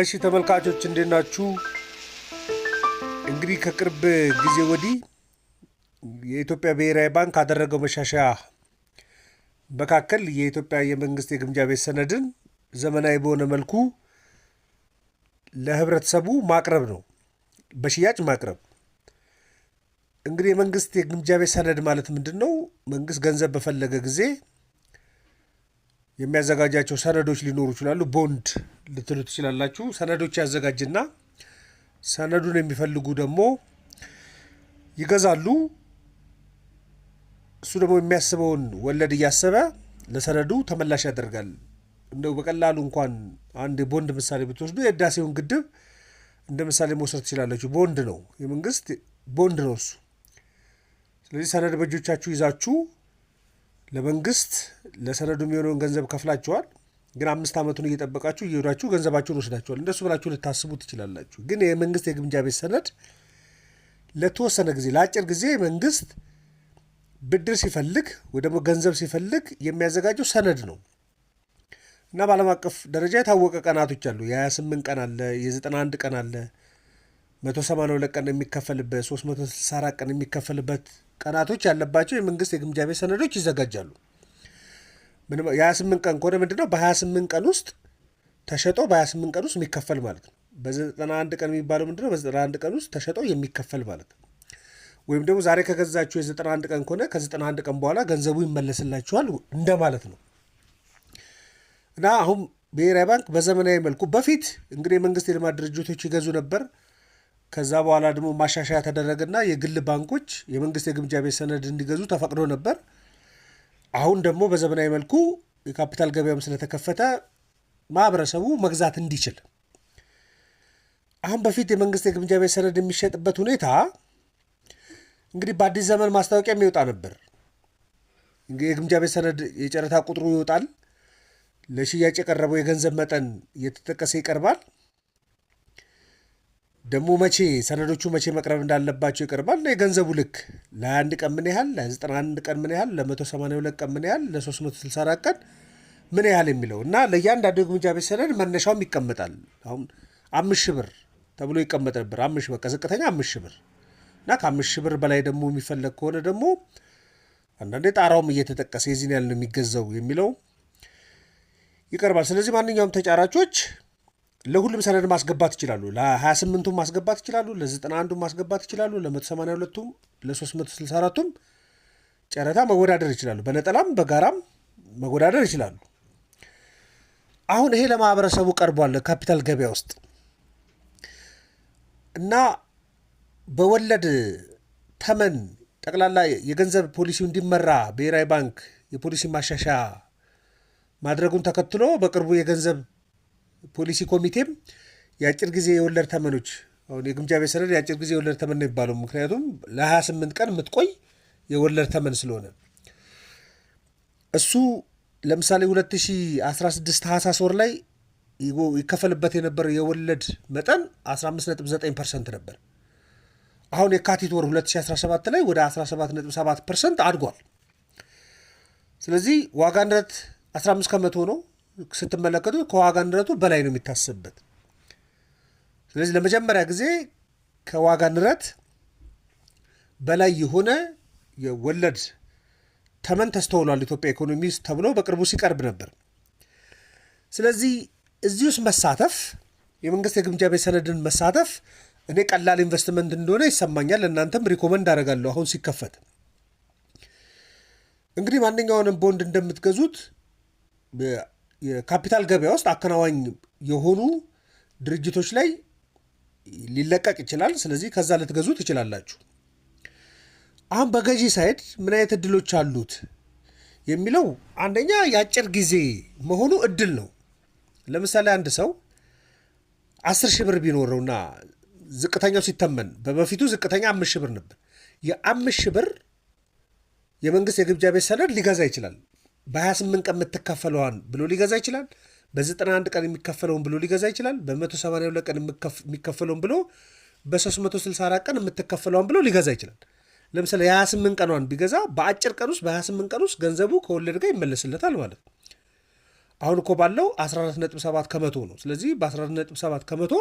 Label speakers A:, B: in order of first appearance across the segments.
A: እሺ ተመልካቾች እንዴት ናችሁ? እንግዲህ ከቅርብ ጊዜ ወዲህ የኢትዮጵያ ብሔራዊ ባንክ ካደረገው መሻሻያ መካከል የኢትዮጵያ የመንግስት የግምጃ ቤት ሰነድን ዘመናዊ በሆነ መልኩ ለህብረተሰቡ ማቅረብ ነው፣ በሽያጭ ማቅረብ። እንግዲህ የመንግስት የግምጃ ቤት ሰነድ ማለት ምንድን ነው? መንግስት ገንዘብ በፈለገ ጊዜ የሚያዘጋጃቸው ሰነዶች ሊኖሩ ይችላሉ። ቦንድ ልትሉ ትችላላችሁ። ሰነዶች ያዘጋጅና ሰነዱን የሚፈልጉ ደግሞ ይገዛሉ። እሱ ደግሞ የሚያስበውን ወለድ እያሰበ ለሰነዱ ተመላሽ ያደርጋል። እንደው በቀላሉ እንኳን አንድ ቦንድ ምሳሌ ብትወስዱ የህዳሴውን ግድብ እንደ ምሳሌ መውሰድ ትችላላችሁ። ቦንድ ነው፣ የመንግስት ቦንድ ነው እሱ። ስለዚህ ሰነድ በእጆቻችሁ ይዛችሁ ለመንግስት ለሰነዱ የሚሆነውን ገንዘብ ከፍላችኋል፣ ግን አምስት ዓመቱን እየጠበቃችሁ እየሄዳችሁ ገንዘባችሁን ወስዳችኋል። እንደሱ ብላችሁ ልታስቡ ትችላላችሁ። ግን የመንግስት የግምጃ ቤት ሰነድ ለተወሰነ ጊዜ ለአጭር ጊዜ መንግስት ብድር ሲፈልግ ወይ ደግሞ ገንዘብ ሲፈልግ የሚያዘጋጀው ሰነድ ነው እና በዓለም አቀፍ ደረጃ የታወቀ ቀናቶች አሉ። የ28 ቀን አለ፣ የ91 ቀን አለ፣ 182 ቀን የሚከፈልበት፣ 364 ቀን የሚከፈልበት ቀናቶች ያለባቸው የመንግስት የግምጃ ቤት ሰነዶች ይዘጋጃሉ። የ28 ቀን ከሆነ ምንድነው በ28 ቀን ውስጥ ተሸጦ በ28 ቀን ውስጥ የሚከፈል ማለት ነው። በ91 ቀን የሚባለው ምንድነው በ91 ቀን ውስጥ ተሸጦ የሚከፈል ማለት ነው። ወይም ደግሞ ዛሬ ከገዛችሁ የ91 ቀን ከሆነ ከ91 ቀን በኋላ ገንዘቡ ይመለስላችኋል እንደማለት ነው እና አሁን ብሔራዊ ባንክ በዘመናዊ መልኩ በፊት እንግዲህ የመንግስት የልማት ድርጅቶች ይገዙ ነበር። ከዛ በኋላ ደግሞ ማሻሻያ ተደረገና የግል ባንኮች የመንግስት የግምጃ ቤት ሰነድ እንዲገዙ ተፈቅዶ ነበር። አሁን ደግሞ በዘመናዊ መልኩ የካፒታል ገበያም ስለተከፈተ ማህበረሰቡ መግዛት እንዲችል አሁን በፊት የመንግስት የግምጃ ቤት ሰነድ የሚሸጥበት ሁኔታ እንግዲህ በአዲስ ዘመን ማስታወቂያ የሚወጣ ነበር። የግምጃ ቤት ሰነድ የጨረታ ቁጥሩ ይወጣል። ለሽያጭ የቀረበው የገንዘብ መጠን እየተጠቀሰ ይቀርባል። ደግሞ መቼ ሰነዶቹ መቼ መቅረብ እንዳለባቸው ይቀርባል። የገንዘቡ ልክ ለአንድ ቀን ምን ያህል፣ ለ91 ቀን ምን ያህል፣ ሁለት ቀን ምን ያህል፣ ለ364 ቀን ምን ያህል የሚለው እና ለእያንዳንዱ የግምጃ ቤት ሰነድ መነሻውም ይቀመጣል። አሁን አምስት ሺህ ብር ተብሎ ይቀመጥ ነበር። አምስት ሺህ በቃ አምስት ሺህ ብር እና ከአምስት ሺህ ብር በላይ ደግሞ የሚፈለግ ከሆነ ደግሞ አንዳንዴ ጣራውም እየተጠቀሰ የዚህን ያህል ነው የሚገዛው የሚለው ይቀርባል። ስለዚህ ማንኛውም ተጫራቾች ለሁሉም ሰነድ ማስገባት ይችላሉ። 28 ቱ ማስገባት ይችላሉ፣ ለ91ዱም ማስገባት ይችላሉ፣ ለ182ቱም ለ364ቱም ጨረታ መወዳደር ይችላሉ። በነጠላም በጋራም መወዳደር ይችላሉ። አሁን ይሄ ለማህበረሰቡ ቀርቧል ካፒታል ገበያ ውስጥ እና በወለድ ተመን ጠቅላላ የገንዘብ ፖሊሲው እንዲመራ ብሔራዊ ባንክ የፖሊሲ ማሻሻያ ማድረጉን ተከትሎ በቅርቡ የገንዘብ ፖሊሲ ኮሚቴም የአጭር ጊዜ የወለድ ተመኖች አሁን የግምጃ ቤት ሰነድ የአጭር ጊዜ የወለድ ተመን ነው የሚባለው ምክንያቱም ለ28 ቀን የምትቆይ የወለድ ተመን ስለሆነ እሱ ለምሳሌ 2016 ታህሳስ ወር ላይ ይከፈልበት የነበረው የወለድ መጠን 15.9 ፐርሰንት ነበር። አሁን የካቲት ወር 2017 ላይ ወደ 17.7 ፐርሰንት አድጓል። ስለዚህ ዋጋ ንረት 15 ከመቶ ነው። ስትመለከቱት ከዋጋ ንረቱ በላይ ነው የሚታሰብበት። ስለዚህ ለመጀመሪያ ጊዜ ከዋጋ ንረት በላይ የሆነ የወለድ ተመን ተስተውሏል ኢትዮጵያ ኢኮኖሚ ውስጥ ተብሎ በቅርቡ ሲቀርብ ነበር። ስለዚህ እዚህ ውስጥ መሳተፍ የመንግስት የግምጃ ቤት ሰነድን መሳተፍ እኔ ቀላል ኢንቨስትመንት እንደሆነ ይሰማኛል። እናንተም ሪኮመንድ አደርጋለሁ። አሁን ሲከፈት እንግዲህ ማንኛውንም ቦንድ እንደምትገዙት የካፒታል ገበያ ውስጥ አከናዋኝ የሆኑ ድርጅቶች ላይ ሊለቀቅ ይችላል። ስለዚህ ከዛ ልትገዙ ትችላላችሁ። አሁን በገዢ ሳይድ ምን አይነት እድሎች አሉት የሚለው አንደኛ የአጭር ጊዜ መሆኑ እድል ነው። ለምሳሌ አንድ ሰው አስር ሺህ ብር ቢኖረውና ዝቅተኛው ሲተመን በበፊቱ ዝቅተኛ አምስት ሺህ ብር ነበር። የአምስት ሺህ ብር የመንግስት የግብዣ ቤት ሰነድ ሊገዛ ይችላል። በ28 ቀን የምትከፈለዋን ብሎ ሊገዛ ይችላል። በ91 ቀን የሚከፈለውን ብሎ ሊገዛ ይችላል። በ182 ቀን የሚከፈለውን ብሎ በ364 ቀን የምትከፈለዋን ብሎ ሊገዛ ይችላል። ለምሳሌ የ28 ቀኗን ቢገዛ በአጭር ቀን ውስጥ በ28 ቀን ውስጥ ገንዘቡ ከወለድ ጋር ይመለስለታል ማለት ነው። አሁን እኮ ባለው 14.7 ከመቶ ነው። ስለዚህ በ14.7 ከመቶ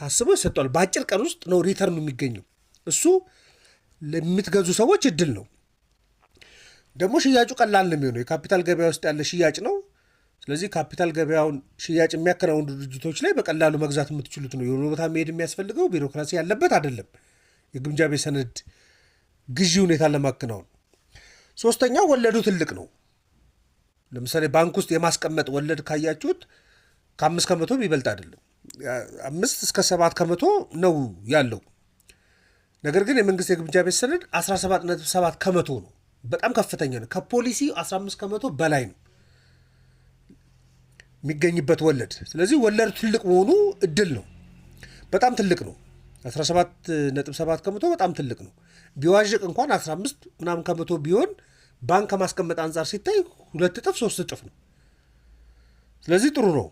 A: ታስቦ ይሰጧል። በአጭር ቀን ውስጥ ነው ሪተርኑ የሚገኘው። እሱ ለምትገዙ ሰዎች እድል ነው። ደግሞ ሽያጩ ቀላል ነው የሚሆነው። የካፒታል ገበያ ውስጥ ያለ ሽያጭ ነው። ስለዚህ ካፒታል ገበያውን ሽያጭ የሚያከናውኑ ድርጅቶች ላይ በቀላሉ መግዛት የምትችሉት ነው። የሆነ ቦታ መሄድ የሚያስፈልገው ቢሮክራሲ ያለበት አይደለም። የግምጃ ቤት ሰነድ ግዢ ሁኔታ ለማከናወን። ሶስተኛው ወለዱ ትልቅ ነው። ለምሳሌ ባንክ ውስጥ የማስቀመጥ ወለድ ካያችሁት ከአምስት ከመቶ ይበልጥ አይደለም። አምስት እስከ ሰባት ከመቶ ነው ያለው። ነገር ግን የመንግስት የግምጃ ቤት ሰነድ ሰባት ከመቶ ነው። በጣም ከፍተኛ ነው። ከፖሊሲ 15 ከመቶ በላይ ነው የሚገኝበት ወለድ። ስለዚህ ወለድ ትልቅ መሆኑ እድል ነው፣ በጣም ትልቅ ነው። 17.7 ከመቶ በጣም ትልቅ ነው። ቢዋዥቅ እንኳን 15 ምናምን ከመቶ ቢሆን ባንክ ከማስቀመጥ አንጻር ሲታይ ሁለት እጥፍ ሶስት እጥፍ ነው። ስለዚህ ጥሩ ነው።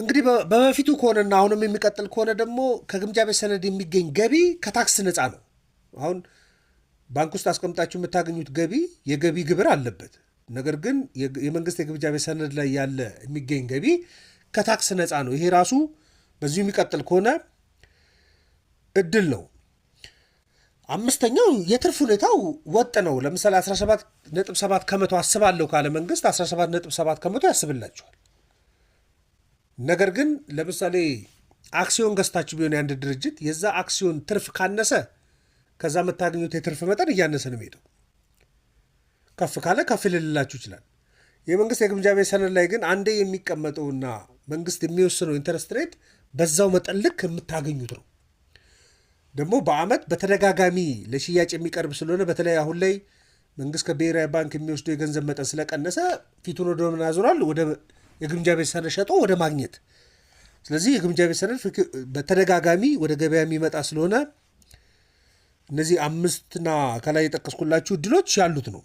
A: እንግዲህ በበፊቱ ከሆነና አሁንም የሚቀጥል ከሆነ ደግሞ ከግምጃ ቤት ሰነድ የሚገኝ ገቢ ከታክስ ነፃ ነው አሁን ባንክ ውስጥ አስቀምጣችሁ የምታገኙት ገቢ የገቢ ግብር አለበት። ነገር ግን የመንግስት የግብጃ ቤት ሰነድ ላይ ያለ የሚገኝ ገቢ ከታክስ ነፃ ነው። ይሄ ራሱ በዚሁ የሚቀጥል ከሆነ እድል ነው። አምስተኛው የትርፍ ሁኔታው ወጥ ነው። ለምሳሌ 17.7 ከመቶ አስባለሁ ካለ መንግስት 17.7 ከመቶ ያስብላችኋል። ነገር ግን ለምሳሌ አክሲዮን ገዝታችሁ ቢሆን የአንድ ድርጅት የዛ አክሲዮን ትርፍ ካነሰ ከዛ የምታገኙት የትርፍ መጠን እያነሰ ነው ሄደው ከፍ ካለ ከፍ ልልላችሁ ይችላል። የመንግስት የግምጃ ቤት ሰነድ ላይ ግን አንዴ የሚቀመጠውና መንግስት የሚወስነው ኢንተረስት ሬት በዛው መጠን ልክ የምታገኙት ነው። ደግሞ በአመት በተደጋጋሚ ለሽያጭ የሚቀርብ ስለሆነ በተለይ አሁን ላይ መንግስት ከብሔራዊ ባንክ የሚወስደው የገንዘብ መጠን ስለቀነሰ ፊቱን ወደ ምን አዙሯል? ወደ የግምጃ ቤት ሰነድ ሸጦ ወደ ማግኘት። ስለዚህ የግምጃ ቤት ሰነድ በተደጋጋሚ ወደ ገበያ የሚመጣ ስለሆነ እነዚህ አምስትና ከላይ የጠቀስኩላችሁ እድሎች ያሉት ነው።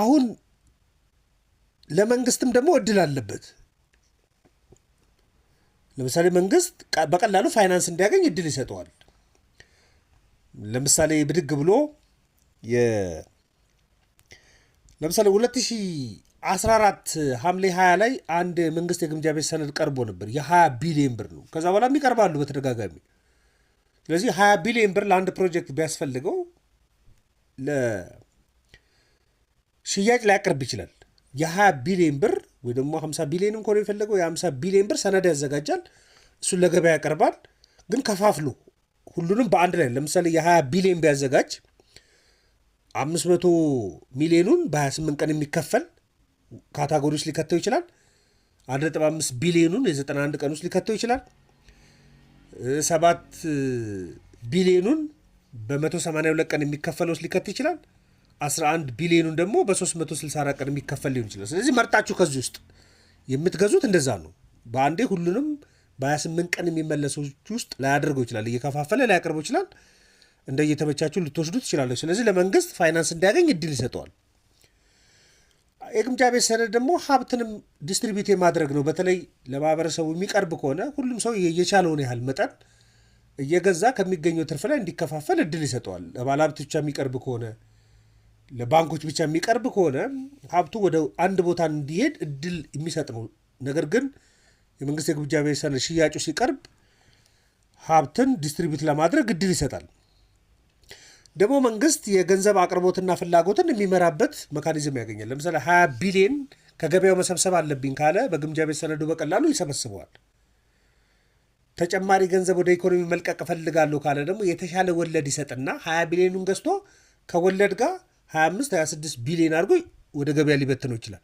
A: አሁን ለመንግስትም ደግሞ እድል አለበት። ለምሳሌ መንግስት በቀላሉ ፋይናንስ እንዲያገኝ እድል ይሰጠዋል። ለምሳሌ ብድግ ብሎ ለምሳሌ 2014 ሐምሌ 20 ላይ አንድ መንግስት የግምጃ ቤት ሰነድ ቀርቦ ነበር። የ20 ቢሊዮን ብር ነው። ከዛ በኋላም ይቀርባሉ በተደጋጋሚ ስለዚህ 20 ቢሊዮን ብር ለአንድ ፕሮጀክት ቢያስፈልገው ለሽያጭ ሊያቀርብ ይችላል። የ20 ቢሊዮን ብር ወይ ደግሞ 50 ቢሊዮንም ከሆነ የፈለገው የ50 ቢሊዮን ብር ሰነድ ያዘጋጃል። እሱን ለገበያ ያቀርባል። ግን ከፋፍሎ ሁሉንም በአንድ ላይ ለምሳሌ የ20 ቢሊዮን ቢያዘጋጅ 500 ሚሊዮኑን በ28 ቀን የሚከፈል ካታጎሪ ሊከተው ይችላል። 1.5 ቢሊዮኑን የ91 ቀን ውስጥ ሊከተው ይችላል። ሰባት ቢሊዮኑን በ182 ቀን የሚከፈለው ሊከት ይችላል። 11 ቢሊዮኑን ደግሞ በ364 ቀን የሚከፈል ሊሆን ይችላል። ስለዚህ መርጣችሁ ከዚህ ውስጥ የምትገዙት እንደዛ ነው። በአንዴ ሁሉንም በ28 ቀን የሚመለሶች ውስጥ ላያደርገው ይችላል። እየከፋፈለ ላያቀርበው ይችላል። እንደየተመቻችሁ ልትወስዱ ትችላለች። ስለዚህ ለመንግስት ፋይናንስ እንዲያገኝ እድል ይሰጠዋል። የግምጃ ቤት ሰነድ ደግሞ ሀብትንም ዲስትሪቢዩት የማድረግ ነው። በተለይ ለማህበረሰቡ የሚቀርብ ከሆነ ሁሉም ሰው የቻለውን ያህል መጠን እየገዛ ከሚገኘው ትርፍ ላይ እንዲከፋፈል እድል ይሰጠዋል። ለባለሀብት ብቻ የሚቀርብ ከሆነ፣ ለባንኮች ብቻ የሚቀርብ ከሆነ ሀብቱ ወደ አንድ ቦታ እንዲሄድ እድል የሚሰጥ ነው። ነገር ግን የመንግስት የግምጃ ቤት ሰነድ ሽያጩ ሲቀርብ ሀብትን ዲስትሪቢዩት ለማድረግ እድል ይሰጣል። ደግሞ መንግስት የገንዘብ አቅርቦትና ፍላጎትን የሚመራበት መካኒዝም ያገኛል። ለምሳሌ 20 ቢሊዮን ከገበያው መሰብሰብ አለብኝ ካለ በግምጃ ቤት ሰነዱ በቀላሉ ይሰበስበዋል። ተጨማሪ ገንዘብ ወደ ኢኮኖሚ መልቀቅ እፈልጋለሁ ካለ ደግሞ የተሻለ ወለድ ይሰጥና 20 ቢሊዮኑን ገዝቶ ከወለድ ጋር 25 26 ቢሊዮን አድርጎ ወደ ገበያ ሊበትነው ይችላል።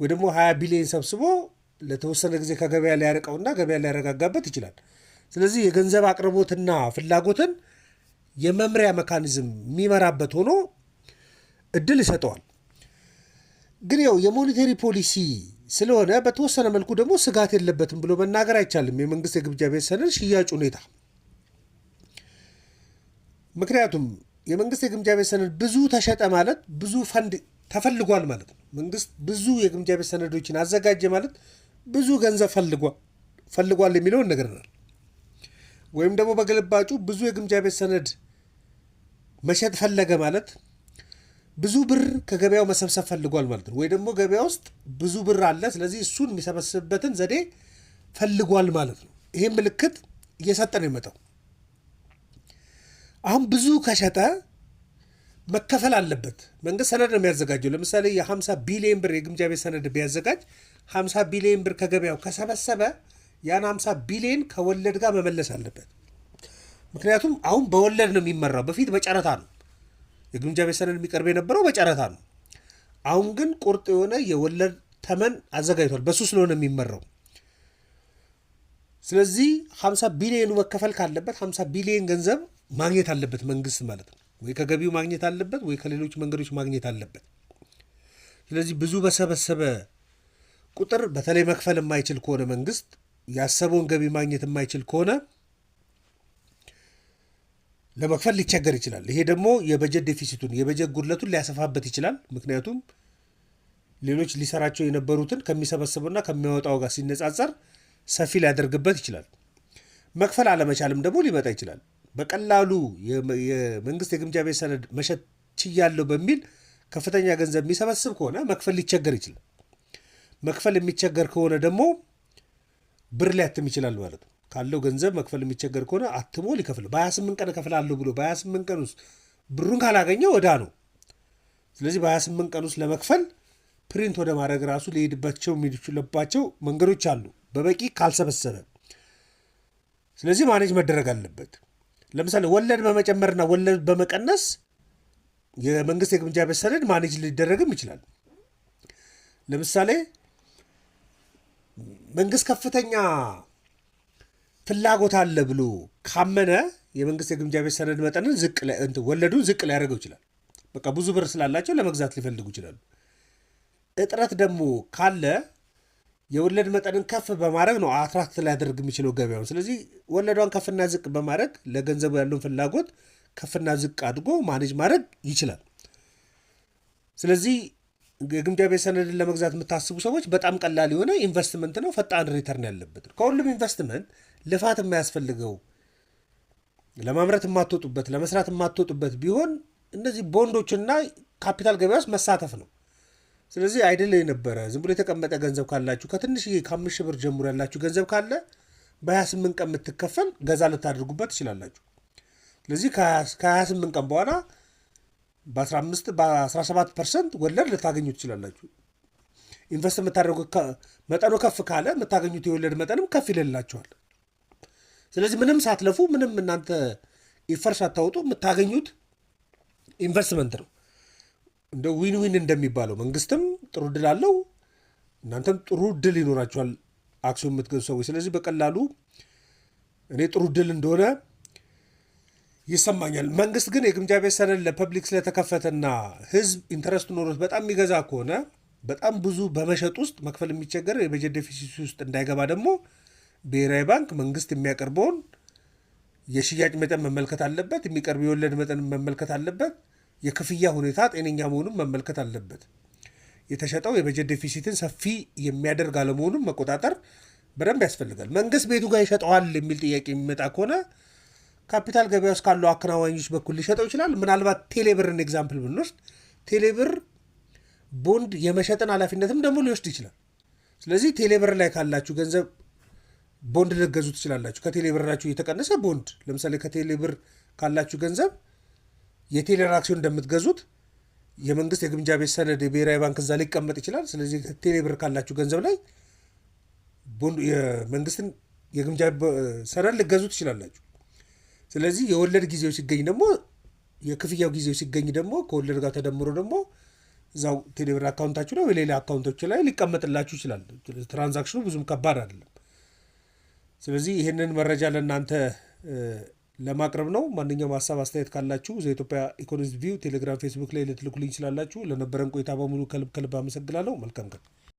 A: ወይ ደግሞ 20 ቢሊዮን ሰብስቦ ለተወሰነ ጊዜ ከገበያ ሊያርቀውና ገበያ ሊያረጋጋበት ይችላል። ስለዚህ የገንዘብ አቅርቦትና ፍላጎትን የመምሪያ መካኒዝም የሚመራበት ሆኖ እድል ይሰጠዋል። ግን ያው የሞኔተሪ ፖሊሲ ስለሆነ በተወሰነ መልኩ ደግሞ ስጋት የለበትም ብሎ መናገር አይቻልም። የመንግስት የግብዣ ቤት ሰነድ ሽያጭ ሁኔታ ምክንያቱም የመንግስት የግምጃ ቤት ሰነድ ብዙ ተሸጠ ማለት ብዙ ፈንድ ተፈልጓል ማለት ነው። መንግስት ብዙ የግምጃ ቤት ሰነዶችን አዘጋጀ ማለት ብዙ ገንዘብ ፈልጓል የሚለውን ነገርናል። ወይም ደግሞ በግልባጩ ብዙ የግምጃ ቤት ሰነድ መሸጥ ፈለገ ማለት ብዙ ብር ከገበያው መሰብሰብ ፈልጓል ማለት ነው። ወይ ደግሞ ገበያ ውስጥ ብዙ ብር አለ፣ ስለዚህ እሱን የሚሰበስብበትን ዘዴ ፈልጓል ማለት ነው። ይህም ምልክት እየሰጠ ነው የመጣው። አሁን ብዙ ከሸጠ መከፈል አለበት። መንግስት ሰነድ ነው የሚያዘጋጀው። ለምሳሌ የ50 ቢሊዮን ብር የግምጃ ቤት ሰነድ ቢያዘጋጅ 50 ቢሊዮን ብር ከገበያው ከሰበሰበ ያን 50 ቢሊዮን ከወለድ ጋር መመለስ አለበት። ምክንያቱም አሁን በወለድ ነው የሚመራው። በፊት በጨረታ ነው የግምጃ ቤት ሰነድ የሚቀርብ የነበረው በጨረታ ነው። አሁን ግን ቁርጥ የሆነ የወለድ ተመን አዘጋጅቷል። በሱ ስለሆነ የሚመራው። ስለዚህ 50 ቢሊዮን መከፈል ካለበት 50 ቢሊዮን ገንዘብ ማግኘት አለበት መንግስት ማለት ነው። ወይ ከገቢው ማግኘት አለበት፣ ወይ ከሌሎች መንገዶች ማግኘት አለበት። ስለዚህ ብዙ በሰበሰበ ቁጥር በተለይ መክፈል የማይችል ከሆነ መንግስት ያሰበውን ገቢ ማግኘት የማይችል ከሆነ ለመክፈል ሊቸገር ይችላል። ይሄ ደግሞ የበጀት ዴፊሲቱን የበጀት ጉድለቱን ሊያሰፋበት ይችላል። ምክንያቱም ሌሎች ሊሰራቸው የነበሩትን ከሚሰበስበውና ከሚያወጣው ጋር ሲነጻጸር ሰፊ ሊያደርግበት ይችላል። መክፈል አለመቻልም ደግሞ ሊመጣ ይችላል። በቀላሉ የመንግስት የግምጃ ቤት ሰነድ መሸጥ ችያለሁ በሚል ከፍተኛ ገንዘብ የሚሰበስብ ከሆነ መክፈል ሊቸገር ይችላል። መክፈል የሚቸገር ከሆነ ደግሞ ብር ሊያትም ይችላል ማለት ነው። ካለው ገንዘብ መክፈል የሚቸገር ከሆነ አትሞ ሊከፍል በ28 ቀን እከፍላለሁ ብሎ በ28 ቀን ውስጥ ብሩን ካላገኘ ወዳ ነው። ስለዚህ በ28 ቀን ውስጥ ለመክፈል ፕሪንት ወደ ማድረግ ራሱ ሊሄድባቸው የሚችለባቸው መንገዶች አሉ፣ በበቂ ካልሰበሰበ። ስለዚህ ማኔጅ መደረግ አለበት። ለምሳሌ ወለድ በመጨመርና ወለድ በመቀነስ የመንግስት የግምጃ ቤት ሰነድ ማኔጅ ሊደረግም ይችላል። ለምሳሌ መንግስት ከፍተኛ ፍላጎት አለ ብሎ ካመነ የመንግስት የግምጃ ቤት ሰነድ መጠንን ዝቅ ወለዱን ዝቅ ሊያደርገው ይችላል። በቃ ብዙ ብር ስላላቸው ለመግዛት ሊፈልጉ ይችላሉ። እጥረት ደግሞ ካለ የወለድ መጠንን ከፍ በማድረግ ነው አትራክት ሊያደርግ የሚችለው ገበያውን። ስለዚህ ወለዷን ከፍና ዝቅ በማድረግ ለገንዘቡ ያለውን ፍላጎት ከፍና ዝቅ አድርጎ ማኔጅ ማድረግ ይችላል። ስለዚህ የግምጃ ቤት ሰነድን ለመግዛት የምታስቡ ሰዎች በጣም ቀላል የሆነ ኢንቨስትመንት ነው። ፈጣን ሪተርን ያለበት ከሁሉም ኢንቨስትመንት ልፋት የማያስፈልገው ለማምረት የማትወጡበት ለመስራት የማትወጡበት ቢሆን እነዚህ ቦንዶችና ካፒታል ገበያ ውስጥ መሳተፍ ነው። ስለዚህ አይደለ የነበረ ዝም ብሎ የተቀመጠ ገንዘብ ካላችሁ ከትንሽዬ ከአምስት ሺህ ብር ጀምሮ ያላችሁ ገንዘብ ካለ በ28 ቀን የምትከፈል ገዛ ልታደርጉበት ትችላላችሁ። ስለዚህ ከ28 ቀን በኋላ በ15 በ17 ፐርሰንት ወለድ ልታገኙ ትችላላችሁ። ኢንቨስት የምታደርጉ መጠኑ ከፍ ካለ የምታገኙት የወለድ መጠንም ከፍ ይልላችኋል። ስለዚህ ምንም ሳትለፉ ምንም እናንተ ኢፈር ሳታወጡ የምታገኙት ኢንቨስትመንት ነው። እንደ ዊን ዊን እንደሚባለው መንግስትም ጥሩ ድል አለው፣ እናንተም ጥሩ ድል ይኖራችኋል አክሲዮን የምትገዙ ሰዎች። ስለዚህ በቀላሉ እኔ ጥሩ ድል እንደሆነ ይሰማኛል። መንግስት ግን የግምጃ ቤት ሰነድ ለፐብሊክ ስለተከፈተና ህዝብ ኢንተረስት ኖሮት በጣም የሚገዛ ከሆነ በጣም ብዙ በመሸጥ ውስጥ መክፈል የሚቸገር የበጀት ዴፊሲት ውስጥ እንዳይገባ ደግሞ ብሔራዊ ባንክ መንግስት የሚያቀርበውን የሽያጭ መጠን መመልከት አለበት። የሚቀርብ የወለድ መጠን መመልከት አለበት። የክፍያ ሁኔታ ጤነኛ መሆኑን መመልከት አለበት። የተሸጠው የበጀት ዴፊሲትን ሰፊ የሚያደርግ አለመሆኑን መቆጣጠር በደንብ ያስፈልጋል። መንግስት ቤቱ ጋር ይሸጠዋል የሚል ጥያቄ የሚመጣ ከሆነ ካፒታል ገበያ ውስጥ ካሉ አከናዋኞች በኩል ሊሸጠው ይችላል። ምናልባት ቴሌብርን ኤግዛምፕል ብንወስድ ቴሌብር ቦንድ የመሸጥን ኃላፊነትም ደግሞ ሊወስድ ይችላል። ስለዚህ ቴሌብር ላይ ካላችሁ ገንዘብ ቦንድ ልገዙ ትችላላችሁ። ከቴሌብራችሁ እየተቀነሰ ቦንድ ለምሳሌ ከቴሌብር ካላችሁ ገንዘብ የቴሌር አክሲዮን እንደምትገዙት የመንግስት የግምጃ ቤት ሰነድ የብሔራዊ ባንክ እዛ ሊቀመጥ ይችላል። ስለዚህ ቴሌብር ካላችሁ ገንዘብ ላይ የመንግስትን የግምጃ ሰነድ ልገዙ ትችላላችሁ። ስለዚህ የወለድ ጊዜው ሲገኝ ደግሞ የክፍያው ጊዜው ሲገኝ ደግሞ ከወለድ ጋር ተደምሮ ደግሞ እዛው ቴሌብር አካውንታችሁ ላይ የሌላ አካውንቶች ላይ ሊቀመጥላችሁ ይችላል። ትራንዛክሽኑ ብዙም ከባድ አይደለም። ስለዚህ ይህንን መረጃ ለእናንተ ለማቅረብ ነው። ማንኛውም ሀሳብ አስተያየት ካላችሁ ዘኢትዮጵያ ኢኮኖሚስት ቪው ቴሌግራም፣ ፌስቡክ ላይ ልትልኩልኝ ይችላላችሁ። ለነበረን ቆይታ በሙሉ ከልብ ከልብ አመሰግናለሁ። መልካም ቀን።